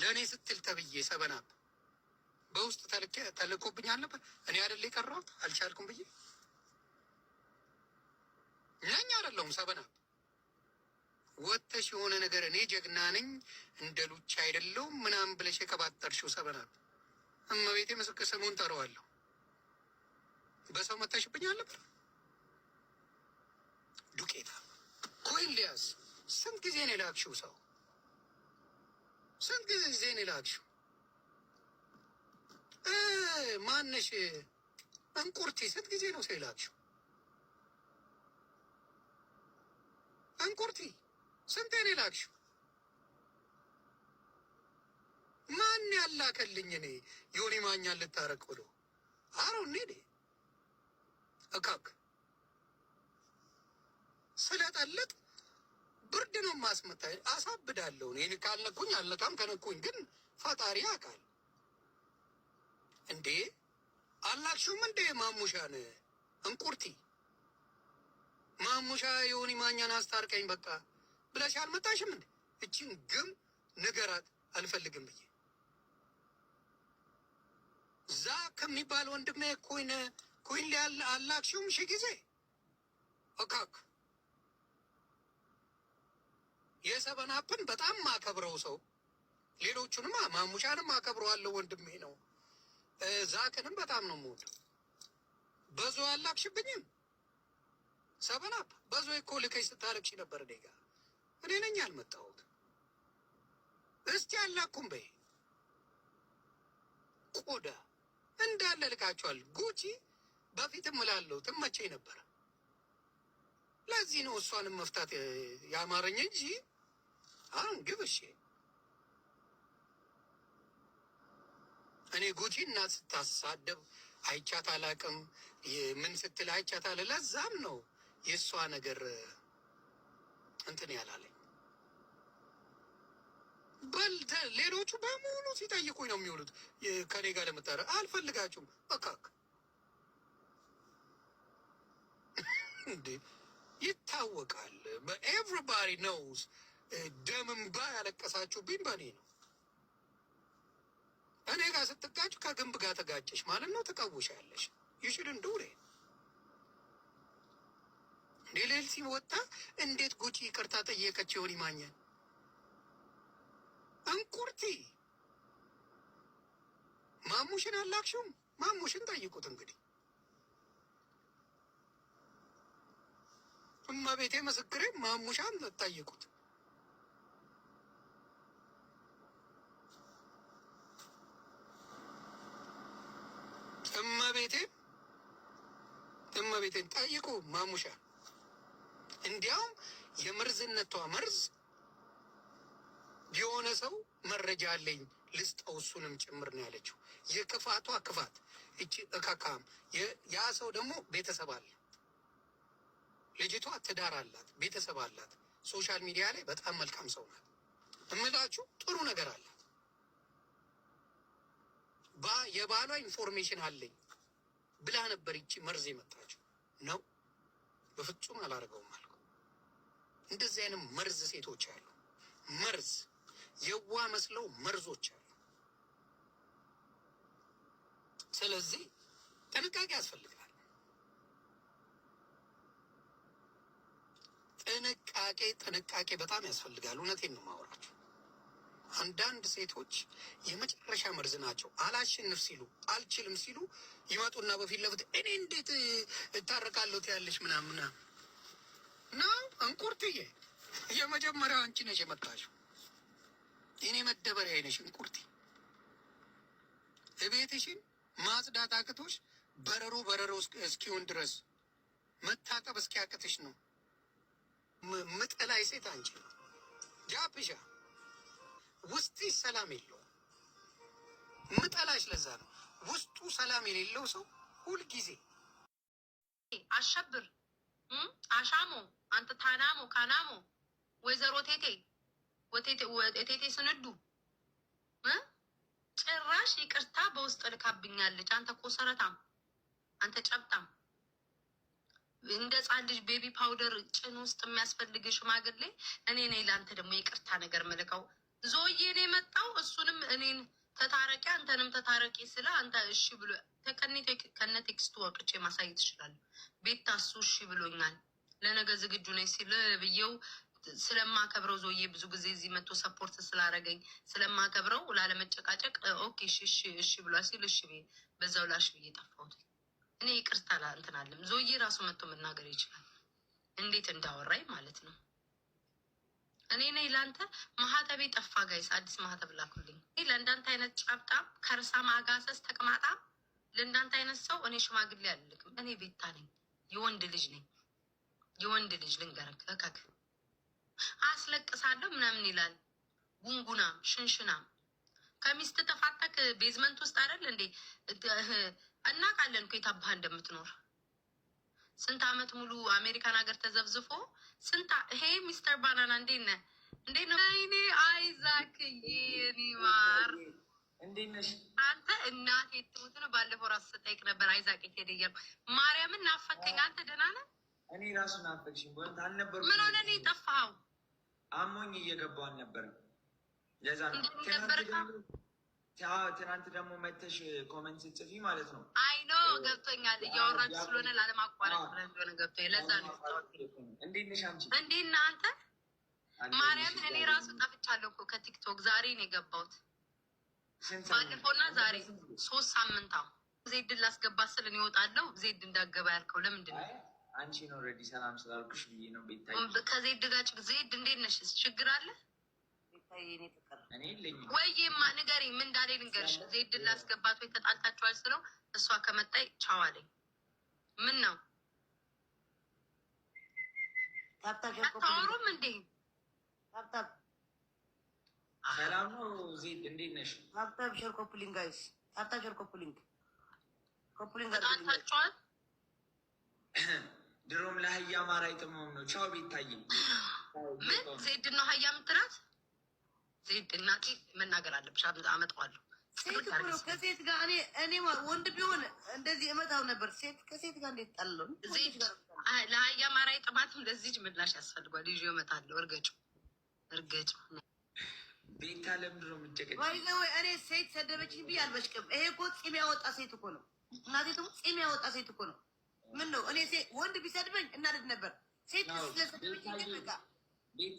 ለእኔ ስትል ተብዬ ሰበናብ በውስጥ ተልኮብኝ አልነበር? እኔ አይደል የቀረሁት አልቻልኩም ብዬ ነኝ አይደለሁም? ሰበናብ ወጥተሽ የሆነ ነገር እኔ ጀግና ነኝ እንደ ሉቻ አይደለሁም ምናምን ብለሽ የቀባጠርሽው ሰበናብ እመቤቴ ምስክር ስሙን ጠረዋለሁ። በሰው መታሽብኝ አልነበር? ዱቄታ ኮይን ሊያዝ ስንት ጊዜ ነው የላክሽው ሰው ስንት ጊዜ ጊዜን ይላችሁ ማነሽ እንቁርቲ ስንት ጊዜ ነው ሳይላችሁ? እንቁርቲ ስንቴ ነው የላክሽው? ማን ያላከልኝ እኔ ዮኒ ማኛን ልታረቅ ብሎ አሮ ኔዴ እካክ ስለጠለጥ ብርድ ነው ማስመታ አሳብዳለሁ። ይህን ካልነኩኝ አልነካም፣ ከነኩኝ ግን ፈጣሪ አካል እንዴ አላክሹም እንዴ ማሙሻን እንቁርቲ ማሙሻ የሆኒ ማኛን አስታርቀኝ በቃ ብለሽ አልመጣሽም እንዴ? እችን ግም ንገራት አልፈልግም ብዬ እዛ ከሚባል ወንድሜ ኮይነ ኮይን ሊያል አላክሽውም ሺ ጊዜ እካክ የሰበን አፕን በጣም ማከብረው ሰው ሌሎቹንም ማሙሻንም አከብረዋለሁ ወንድሜ ነው። ዛክንም በጣም ነው የምወደው። በዞ ያላክሽብኝም ሰበን አፕ በዞ እኮ ልከሽ ስታለቅሽ ነበር። እኔ ጋ እኔ ነኝ እስቲ ያላኩም በይ ቆዳ እንዳለ ልካቸዋል። ጉቺ በፊት እምላለሁ ትመቸኝ ነበር። ለዚህ ነው እሷንም መፍታት ያማረኝ እንጂ I don't give a shit እኔ ጉቺ እና ስታሳደብ አይቻት አላቅም። ምን ስትል አይቻት አለ። ለዛም ነው የእሷ ነገር እንትን ያላለኝ። በልተ ሌሎቹ በሙሉ ሲጠይቁኝ ነው የሚውሉት። ከኔ ጋር ለምታረ አልፈልጋችሁም። በቃክ እንዴ ይታወቃል። ኤቭሪባዲ ኖውስ ደም እንባ ያለቀሳችሁብኝ በእኔ ነው። እኔ ጋር ስትጋጭ ከግንብ ጋር ተጋጨሽ ማለት ነው። ተቃውሻለሽ ይሽል እንደውሬ ሌሌል ሲወጣ እንዴት ጉጪ ይቅርታ ጠየቀች ይሆን ይማኛል እንቁርቲ ማሙሽን አላክሽም? ማሙሽን ጠይቁት እንግዲህ ቤቴ ምስክሬ ማሙሻን ጠይቁት። እመቤቴን እመቤቴን ጠይቁ ማሙሻ። እንዲያውም የመርዝነቷ መርዝ የሆነ ሰው መረጃ አለኝ ልስጠው እሱንም ጭምር ነው ያለችው። የክፋቷ ክፋት እቺ እካካም ያ ሰው ደግሞ ቤተሰብ አለ። ልጅቷ ትዳር አላት፣ ቤተሰብ አላት። ሶሻል ሚዲያ ላይ በጣም መልካም ሰው ናት። እምላችሁ ጥሩ ነገር አላት። የባሏ ኢንፎርሜሽን አለኝ ብላ ነበር ይቺ መርዝ የመጣችው ነው። በፍጹም አላደርገውም አልኩ። እንደዚህ አይነት መርዝ ሴቶች አሉ። መርዝ የዋ መስለው መርዞች አሉ። ስለዚህ ጥንቃቄ ያስፈልጋል። ጥንቃቄ ጥንቃቄ በጣም ያስፈልጋል። እውነቴን ነው የማወራችሁ። አንዳንድ ሴቶች የመጨረሻ መርዝ ናቸው። አላሸንፍ ሲሉ አልችልም ሲሉ ይመጡና በፊት ለፊት እኔ እንዴት እታረቃለሁ ትያለሽ ምናምና እና እንቁርትዬ የመጀመሪያው አንቺ ነሽ የመጣሽው። እኔ መደበሪያ ነሽ እንቁርቲ። እቤትሽን ማጽዳት አቅቶሽ በረሮ በረሮ እስኪሆን ድረስ መታጠብ እስኪያቅትሽ ነው። ምጥላይ ሴት አንቺ ጃፕሻ ውስጥ ሰላም የለውም። ምጠላሽ ለዛ ነው። ውስጡ ሰላም የሌለው ሰው ሁልጊዜ አሸብር አሻሞ አንተ ታናሞ ካናሞ ወይዘሮ ቴቴ ቴቴ ስንዱ ጭራሽ ይቅርታ በውስጥ ልካብኛለች። አንተ ኮሰረታም፣ አንተ ጨብጣም፣ እንደ ሕፃን ልጅ ቤቢ ፓውደር ጭን ውስጥ የሚያስፈልግ ሽማግሌ እኔ ነኝ። ለአንተ ደግሞ ይቅርታ ነገር መልከው ዞዬን የመጣው እሱንም እኔን ተታረቂ አንተንም ተታረቂ ስለ አንተ እሺ ብሎ ከነ ቴክስቱ ወቅቼ ማሳየት ይችላል። ቤት ታሱ እሺ ብሎኛል ለነገ ዝግጁ ነኝ ሲል ብዬው ስለማከብረው ዞዬ ብዙ ጊዜ እዚህ መጥቶ ሰፖርት ስላደረገኝ ስለማከብረው ላለመጨቃጨቅ ኦኬ እሺ እሺ ብሏል ሲል እሺ በዛው ላሽ ብዬ ጠፋሁት። እኔ ይቅርታ እንትን አለም ዞዬ ራሱ መጥቶ መናገር ይችላል እንዴት እንዳወራኝ ማለት ነው። እኔ ነኝ ለአንተ ማህተቤ ጠፋ። ጋይስ አዲስ ማህተብ ላኩልኝ። ለእንዳንተ አይነት ጨብጣም ከርሳም አጋሰስ ተቅማጣም ለእንዳንተ አይነት ሰው እኔ ሽማግሌ አልልክም። እኔ ቤታ ነኝ፣ የወንድ ልጅ ነኝ። የወንድ ልጅ ልንገረክ እከክ አስለቅሳለሁ ምናምን ይላል። ጉንጉናም ሽንሽናም ከሚስት ተፋታክ ቤዝመንት ውስጥ አይደል እንዴ? እናውቃለን እኮ የታባህ እንደምትኖር ስንት አመት ሙሉ አሜሪካን ሀገር ተዘብዝፎ ስንት ሄ ሚስተር ባናና እንዴት ነህ? እንዴት ነው? ወይኔ አይዛክዬ ኒማር አንተ? እናቴ ትሙት ነው። ባለፈው ራሱ ስጠይቅ ነበር አይዛቅ ሄደ እያልኩ ማርያምን ናፈከኝ። አንተ ደህና ነህ? እኔ ራሱ ናፈቅሽኝ። ወንት አልነበሩ ምን ሆነ? እኔ ጠፋኸው። አሞኝ እየገባሁ አልነበረም። ለዛ ነው ትናንት ደግሞ መተሽ ኮመንት ጽፊ ማለት ነው። አይ ኖ ገብቶኛል። እያወራችሁ ስለሆነ ላለማቋረጥ ብለን እንደሆነ ገብቶኛል። ለዛ ነው። እንዴት ነሽ አንቺ? እንዴት ነህ አንተ? ማርያም እኔ ራሱ ጠፍቻለሁ እኮ ከቲክቶክ ዛሬ ነው የገባሁት። ባለፈውና ዛሬ ሶስት ሳምንት። ዜድን ላስገባ ስል እኔ እወጣለሁ። ዜድ እንዳገባ ያልከው ለምንድን ነው? አንቺን ኦልሬዲ ሰላም ስላልኩሽ ብዬ ነው። ቤታ ከዜድ ጋር ዜድ እንዴት ነሽ? ችግር አለ ወይማ ንገሪ፣ ምን እንዳለ ንገርሽ። ዜድን ላስገባት ወይ ተጣልታችኋል ስለው እሷ ከመጣይ ቻው አለኝ። ምን ነው አታወሩም እንዴ? ሰላም ነው ዜድ፣ እንዴት ነሽ? ታብታብ ሸር ኮፕሊንግ ጋይስ፣ ታብታብ ሸር ኮፕሊንግ ኮፕሊንግ። ተጣልታችኋል? ድሮም ለአህያ ማር አይጥመውም ነው። ቻው ቤታዬ። ምን ዜድ ነው አህያ የምትላት ዜድ እናቲ መናገር አለብሽ፣ አመጣዋለሁ። ሴት እኮ ነው ከሴት ጋር እኔ እኔ ወንድ ቢሆን እንደዚህ እመጣው ነበር። ሴት ከሴት ጋር እንዴት ጣለው? ለአያ ማራይ ጥማትም ለዚህ ምላሽ ያስፈልጓል። ይዤ እመጣለሁ። እርገጩ እርገጩ። ቤታ ለምድ ነው የምትጨቀጭ? ወይ እኔ ሴት ሰደበችኝ ብዬ አልበሽቅም። ይሄ እኮ ፂም ያወጣ ሴት እኮ ነው እናቴ ደግሞ ፂም ያወጣ ሴት እኮ ነው። ምን ነው እኔ ሴ ወንድ ቢሰድበኝ እናደድ ነበር። ሴት ስለሰደበችኝ ግን በቃ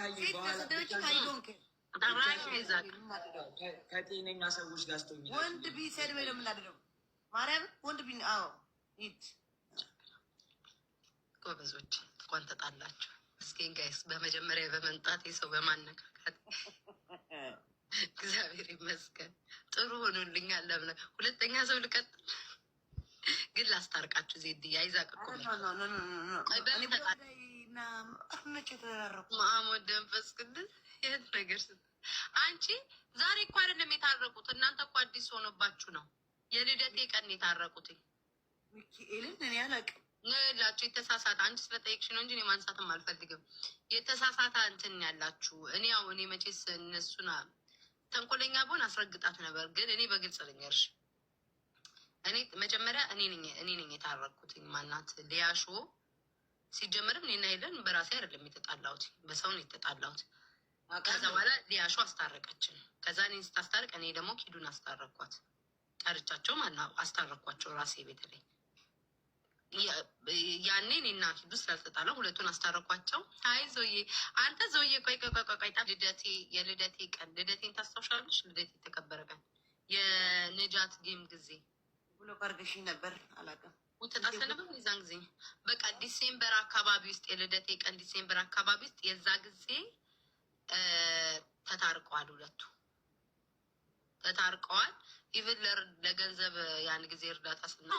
ሴት ስለሰደበችኝ አይዶንክ ከጤነኛ ሰዎች ጋር ስትሆኝ ወንድ ቢሰድበኝ ነው የምናደደው። ማርያም ወንድ ቢ አዎ፣ ሂድ ጎበዞች፣ እንኳን ተጣላችሁ። እስኪ ጋይስ፣ በመጀመሪያ በመምጣት ሰው በማነካካት እግዚአብሔር ይመስገን ጥሩ ሆኖልኛል። ለምን ሁለተኛ ሰው ልቀጥል? ግን ላስታርቃችሁ። ዜድዬ አይዛቅቁም። በምን ተጣ ማሞ ደንፈስ ቅድስ የት ነገር አንቺ ዛሬ እኮ አይደለም የታረቁት፣ እናንተ እኮ አዲስ ሆኖባችሁ ነው። የልደቴ ቀን የታረቁት ሚካኤልን እኔ አላውቅም ያላችሁ የተሳሳተ አንቺ ስለጠየቅሽ ነው እንጂ እኔ ማንሳትም አልፈልግም። የተሳሳተ እንትን ያላችሁ እኔ ያው እኔ መቼስ እነሱን ተንኮለኛ ብሆን አስረግጣት ነበር፣ ግን እኔ በግልጽ ልንገርሽ፣ እኔ መጀመሪያ እኔ ነኝ እኔ ነኝ የታረኩትኝ። ማናት ሊያሾ ሲጀመርም እኔና ሄለን በራሴ አይደለም የተጣላሁት፣ በሰውን የተጣላሁት ከዛ በኋላ ሊያሹ አስታረቀችን። ከዛ እኔን ስታስታርቅ እኔ ደግሞ ኪዱን አስታረኳት። ጠርቻቸው አስታረኳቸው ራሴ ቤት ላይ ያኔ እኔና ኪዱ ስላልተጣላ ሁለቱን አስታረኳቸው። አይ ዞዬ፣ አንተ ዞዬ፣ ቆይ ቆይ ቆይ ቆይ ልደቴ የልደቴ ቀን ልደቴን ታስታውሻለሽ? ልደቴ የተከበረ ቀን የንጃት ጌም ጊዜ ብሎ ቀርገሽኝ ነበር አላውቅም ተጣሰነበ የዛን ጊዜ በቃ ዲሴምበር አካባቢ ውስጥ የልደቴ ቀን ዲሴምበር አካባቢ ውስጥ የዛ ጊዜ ታርቀዋል። ሁለቱ ተታርቀዋል። ኢቭን ለገንዘብ ያን ጊዜ እርዳታ ስና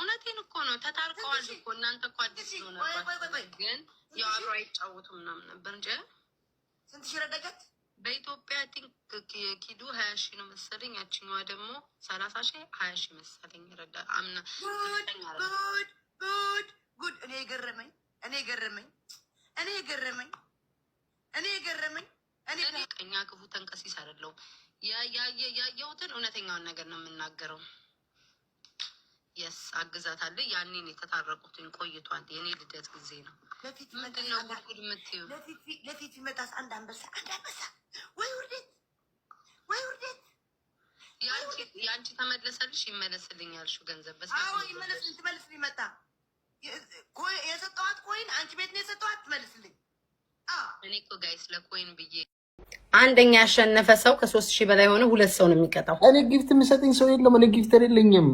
እውነቴን እኮ ነው። ተታርቀዋል እኮ እናንተ እኮ አዲስ ሆነባቸው፣ ግን የአብሮ አብሮ አይጫወቱም ምናምን ነበር እንጂ ስንት ሺ ረዳጃት በኢትዮጵያ ቲንክ ኪዱ ሀያ ሺ ነው መሰለኝ። ያችኛዋ ደግሞ ሰላሳ ሺ ሀያ ሺ መሰለኝ። ረዳ አምና ጉድ ጉድ ጉድ እኔ የገረመኝ እኔ የገረመኝ እኔ የገረመኝ እኔ የገረመኝ እኔ ቀኛ ክፉ ተንቀሲስ አይደለሁም። ያየሁትን እውነተኛውን ነገር ነው የምናገረው። የስ አግዛታለሁ። ያኔን የተታረቁትን ቆይቷል። የኔ ልደት ጊዜ ነው። ምንድነው ጉድጉድ የምትዩ? ለፊት ቢመጣስ አንድ አንበሳ አንድ አንበሳ ወይ ውርደት ወይ ውርደት። የአንቺ ተመለሰልሽ ይመለስልኝ ሹ ገንዘብ በስ ይመለስልኝ ትመልስልኝ መጣ የሰጠዋት ኮይን አንቺ ቤት ነው የሰጠዋት ትመልስልኝ። እኔ እኮ ጋይስ ለኮይን ብዬ አንደኛ ያሸነፈ ሰው ከሶስት ሺህ በላይ ሆነ ሁለት ሰው ነው የሚቀጣው። እኔ ጊፍት የምሰጠኝ ሰው የለም። እኔ ጊፍት የለኝም።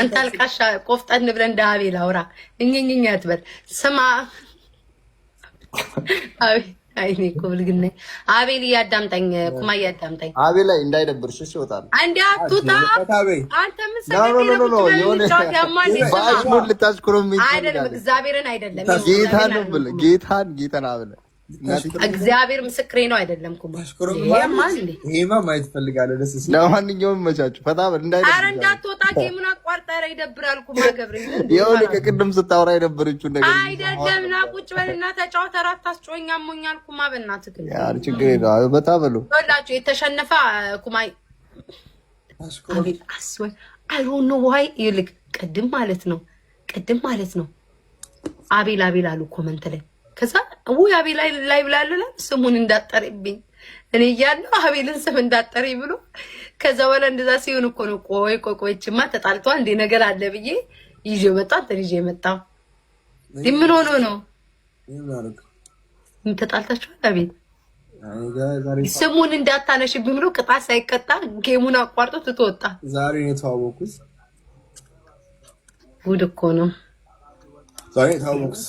አንተ አልቃሻ ቆፍጠን ብለን ዳቤ ላውራ እኝኝኝ አትበል። ስማ አይኔ እኮ ብልግና አቤል እያዳምጠኝ ኩማ እያዳምጠኝ አቤል ላይ እንዳይደብርሽ ይወጣል። እንዲ አቱታ አንተ ምን ሰገቤ ልታሽኩሮ አይደለም እግዚአብሔርን አይደለም ጌታን ጌታን አብለ እግዚአብሔር ምስክሬ ነው። አይደለም ኩማማ ማየት ፈልጋለሁ። ደስ ሲል ለማንኛውም መቻችሁ ፈታ እንዳይ እንዳትወጣ ጌሙን አቋርጣ ኧረ ይደብራል። ኩማ ገብሬ ይኸውልህ ከቅድም ስታወራ የነበረችው ነገር አይደለም ና ቁጭ በልና ተጫወት። አራት አስጮኛ አሞኛል። ኩማ በእናትህ ግን ችግር የለውም በታ በሉ ላቸው የተሸነፈ ኩማ አስወል አይሆን ዋይ ይልቅ ቅድም ማለት ነው ቅድም ማለት ነው አቤል አቤል አሉ ኮመንት ላይ ከዛ ውይ አቤል ላይ ላይ ብላልላ ስሙን እንዳጠሪብኝ እኔ እያለሁ አቤልን ስም እንዳጠሪ ብሎ ከዛ በኋላ እንደዛ ሲሆን እኮ ነው። ቆይ ቆይ ቆይ ቆይችማ ተጣልቷል እንዴ ነገር አለ ብዬ ይዞ መጣ እንትን ይዞ መጣ። ምን ሆኖ ነው ተጣልታችኋል? አቤል ስሙን እንዳታነሽብኝ ብሎ ቅጣት ሳይቀጣ ጌሙን አቋርጦ ትቶ ወጣ። ዛሬ ነው የተዋወቁት። ጉድ እኮ ነው ዛሬ የተዋወቁት።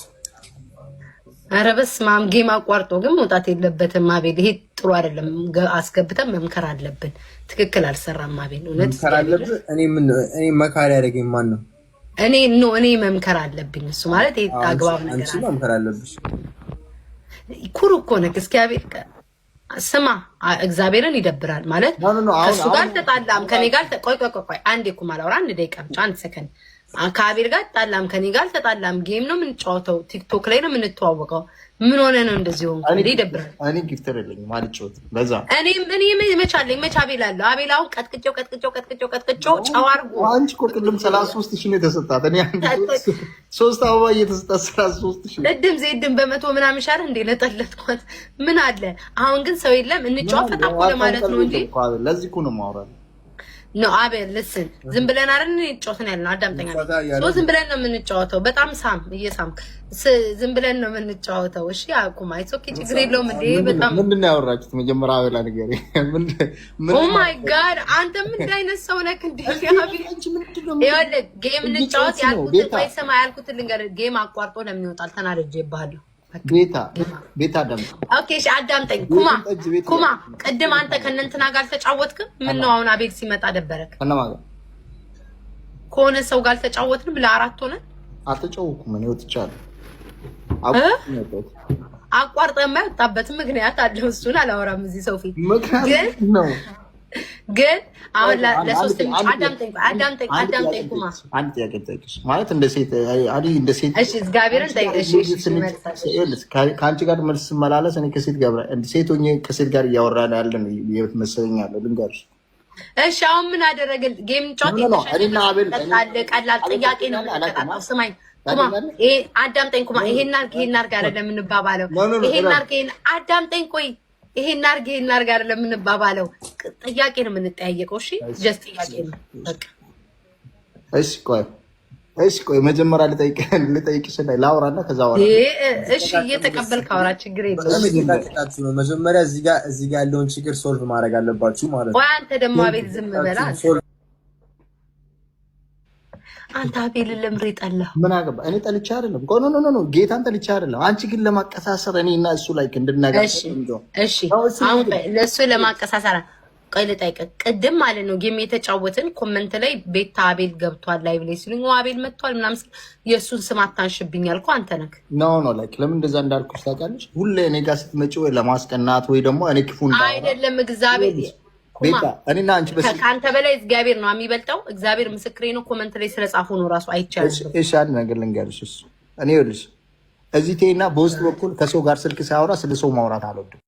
ኧረ በስመ አብ ጌም አቋርጦ ግን መውጣት የለበትም አቤል። ይሄ ጥሩ አይደለም። አስገብተን መምከር አለብን። ትክክል አልሰራም አቤል። እውነት እኔ መካሪ ያደረገኝ ማን ነው? እኔ ኖ እኔ መምከር አለብኝ። እሱ ማለት ይሄ አግባብ ነገር መምከር አለብሽ። ኩሩ እኮ ነህ። እስኪ ስማ፣ እግዚአብሔርን ይደብራል ማለት ከእሱ ጋር ተጣላም ከኔ ጋር ቆይ ቆይ ቆይ አንዴ እኮ አንድ ደቂቃ ብቻ አንድ ሰከንድ ከአቤል ጋር አልጣላም፣ ከኔ ጋር አልተጣላም። ጌም ነው የምንጫወተው፣ ቲክቶክ ላይ ነው የምንተዋወቀው። ምን ሆነ ነው እንደዚህ ሆንኩ? እንደ ይደብራል። እኔ ጊፍተር የለኝም አልጫወትም። በዛ እኔ እኔ መች አለኝ መች አቤል አለው። አቤል አሁን ቀጥቅጨው ቀጥቅጨው ቀጥቅጨው ቀጥቅጨው ጨው አንቺ እኮ ቅድም ሰላሳ ሶስት ነው የተሰጣት። እኔ አንድ ሶስት አበባ እየተሰጣት ሰላሳ ሶስት ሺህ ቅድም ዜድን በመቶ ምናምን ሻር እንዴ ለጠለጥኳት። ምን አለ አሁን ግን ሰው የለም። እንጫወት ፈጣን ለማለት ነው እንጂ ለዚህ ነው የማወራው ነው አቤል፣ ልስን ዝም ብለን አይደል እንጫወትን ያለ አዳምጠኛ ነው። ዝም ብለን ነው የምንጫወተው። በጣም ሳም እየሳምክ ዝም ብለን ነው የምንጫወተው። እሺ አቁም፣ አይሶኪ ችግር የለውም። እንደ በጣም ምንድን ነው ያወራችሁት? መጀመሪያ አቤላ ንገሪኝ። ኦ ማይ ጋድ፣ አንተ ምን አይነት ሰው ነህ? እንደ ይኸውልህ ጌም እንጫወት ያልኩትን ባይሰማ ያልኩትን ልንገርህ። ጌም አቋርጦ ለምን ይወጣል? ተናድጄብሃለሁ ቤታ ቤታ ደግሞ ኦኬ፣ እሺ አዳምጠኝ። ኩማ ኩማ፣ ቅድም አንተ ከእነንትና ጋር አልተጫወትክም? ምን ነው አሁን አቤል ሲመጣ ደበረክ? ከሆነ ሰው ጋር አልተጫወትንም? ለአራት ሆነን አልተጫወኩም። እኔ ወጥቻለሁ። አቋርጠህ የማይወጣበት ምክንያት አለው። እሱን አላወራም እዚህ ሰው ፊት ግን ነው ግን አሁን ለሶስተኛ አዳምጠኝ ኩማ አንድ ጥያቄ ማለት እንደ ሴት እንደ ሴት እግዚአብሔርን ከአንቺ ጋር መልስ ስመላለስ እኔ ከሴት ጋር ሴት ሆኜ ከሴት ጋር እያወራን ያለን መሰለኛለሁ። ልንገርሽ እሺ አሁን ምን አደረግን? ጌም ጫወት ቀላል ጥያቄ ነው። ስማኝ ኩማ፣ አዳምጠኝ ኩማ። ይሄን አድርግ ይሄን አድርግ አይደለም እንባባለው። ይሄን አድርግ ይሄን አዳምጠኝ፣ ቆይ ይሄን አርግ ይሄን አርግ አይደለም የምንባባለው፣ ጥያቄ ነው የምንጠያየቀው። እሺ ጀስት ጥያቄ ነው እሺ ቆይ እሺ ቆይ መጀመሪያ ልጠይቅህን ልጠይቅሽ ላይ ላውራና ከዛ ወራ እሺ፣ እየተቀበል አውራ፣ ችግር የለም። መጀመሪያ እዚህ ጋር እዚህ ጋር ያለውን ችግር ሶልቭ ማድረግ አለባችሁ ማለት ነው። አንተ ደግሞ አቤት ዝም በላ አንተ አቤልን ለምሬ ጠላ ምን አገባ? እኔ ጠልቻ አይደለም። ቆኖ ኖ ኖ ጌታን ጠልቻ አይደለም። አንቺ ግን ለማቀሳሰር እኔ እና እሱ ላይ እንድናገር እሺ፣ እሺ ለእሱ ለማቀሳሰር ቆይ ልጠይቅህ። ቅድም ማለት ነው ጌም የተጫወትን ኮመንት ላይ ቤታ አቤል ገብቷል ላይ ብለኝ ሲሉኝ አቤል መጥቷል ምናምን የእሱን ስም አታንሽብኝ ያልኩህ አንተ ነክ ኖ ኖ ላይክ ለምን እንደዛ እንዳልኩሽ ታውቂያለሽ። ሁሌ እኔ ጋር ስትመጪ ወይ ለማስቀናት ወይ ደግሞ እኔ ክፉ አይደለም እግዚአብሔር እኔና አንቺ ከአንተ በላይ እግዚአብሔር ነው የሚበልጠው። እግዚአብሔር ምስክሬ ነው። ኮመንት ላይ ስለጻፉ ነው ራሱ አይቻልም። እሺ አንድ ነገር ልንገርሽ። እኔ ይኸውልሽ፣ እዚህ ቴና በውስጥ በኩል ከሰው ጋር ስልክ ሳያወራ ስለ ሰው ማውራት አልወድም።